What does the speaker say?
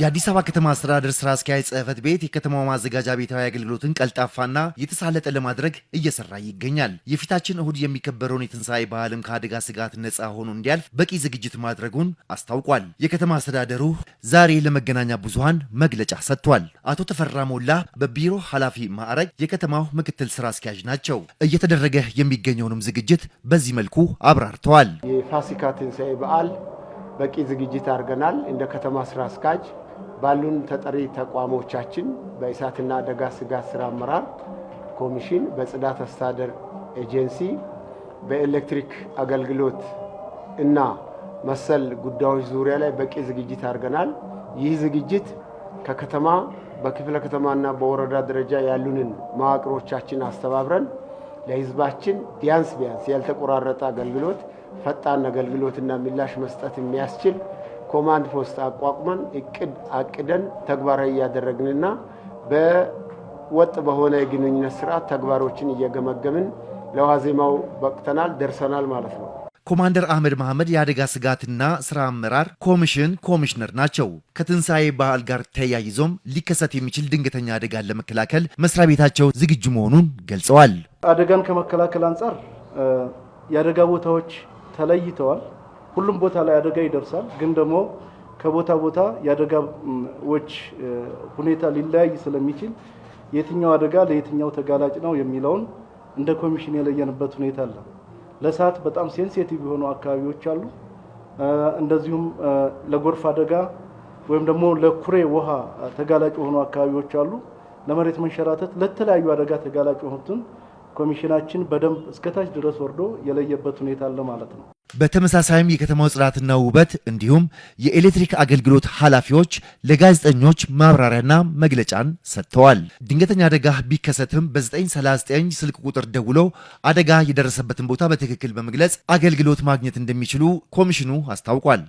የአዲስ አበባ ከተማ አስተዳደር ስራ አስኪያጅ ጽህፈት ቤት የከተማው ማዘጋጃ ቤታዊ አገልግሎትን ቀልጣፋና የተሳለጠ ለማድረግ እየሰራ ይገኛል። የፊታችን እሁድ የሚከበረውን የትንሣኤ በዓልም ከአደጋ ስጋት ነፃ ሆኖ እንዲያልፍ በቂ ዝግጅት ማድረጉን አስታውቋል። የከተማ አስተዳደሩ ዛሬ ለመገናኛ ብዙሃን መግለጫ ሰጥቷል። አቶ ተፈራ ሞላ በቢሮ ኃላፊ ማዕረግ የከተማው ምክትል ስራ አስኪያጅ ናቸው። እየተደረገ የሚገኘውንም ዝግጅት በዚህ መልኩ አብራርተዋል። የፋሲካ ትንሣኤ በዓል በቂ ዝግጅት አድርገናል እንደ ከተማ ስራ አስኪያጅ ባሉን ተጠሪ ተቋሞቻችን በእሳትና አደጋ ስጋት ስራ አመራር ኮሚሽን፣ በጽዳት አስተዳደር ኤጀንሲ፣ በኤሌክትሪክ አገልግሎት እና መሰል ጉዳዮች ዙሪያ ላይ በቂ ዝግጅት አድርገናል። ይህ ዝግጅት ከከተማ በክፍለ ከተማና በወረዳ ደረጃ ያሉንን መዋቅሮቻችን አስተባብረን ለህዝባችን ቢያንስ ቢያንስ ያልተቆራረጠ አገልግሎት፣ ፈጣን አገልግሎትና ምላሽ መስጠት የሚያስችል ኮማንድ ፖስት አቋቁመን እቅድ አቅደን ተግባራዊ እያደረግንና በወጥ በሆነ የግንኙነት ስርዓት ተግባሮችን እየገመገምን ለዋዜማው በቅተናል፣ ደርሰናል ማለት ነው። ኮማንደር አህመድ መሐመድ የአደጋ ስጋትና ስራ አመራር ኮሚሽን ኮሚሽነር ናቸው። ከትንሣኤ በዓል ጋር ተያይዞም ሊከሰት የሚችል ድንገተኛ አደጋን ለመከላከል መስሪያ ቤታቸው ዝግጁ መሆኑን ገልጸዋል። አደጋን ከመከላከል አንጻር የአደጋ ቦታዎች ተለይተዋል። ሁሉም ቦታ ላይ አደጋ ይደርሳል። ግን ደግሞ ከቦታ ቦታ የአደጋዎች ሁኔታ ሊለያይ ስለሚችል የትኛው አደጋ ለየትኛው ተጋላጭ ነው የሚለውን እንደ ኮሚሽን የለየንበት ሁኔታ አለ። ለሰዓት በጣም ሴንሲቲቭ የሆኑ አካባቢዎች አሉ። እንደዚሁም ለጎርፍ አደጋ ወይም ደግሞ ለኩሬ ውሃ ተጋላጭ የሆኑ አካባቢዎች አሉ። ለመሬት መንሸራተት፣ ለተለያዩ አደጋ ተጋላጭ የሆኑትን ኮሚሽናችን በደንብ እስከታች ድረስ ወርዶ የለየበት ሁኔታ አለ ማለት ነው። በተመሳሳይም የከተማው ጽዳትና ውበት እንዲሁም የኤሌክትሪክ አገልግሎት ኃላፊዎች ለጋዜጠኞች ማብራሪያና መግለጫን ሰጥተዋል። ድንገተኛ አደጋ ቢከሰትም በ939 ስልክ ቁጥር ደውሎ አደጋ የደረሰበትን ቦታ በትክክል በመግለጽ አገልግሎት ማግኘት እንደሚችሉ ኮሚሽኑ አስታውቋል።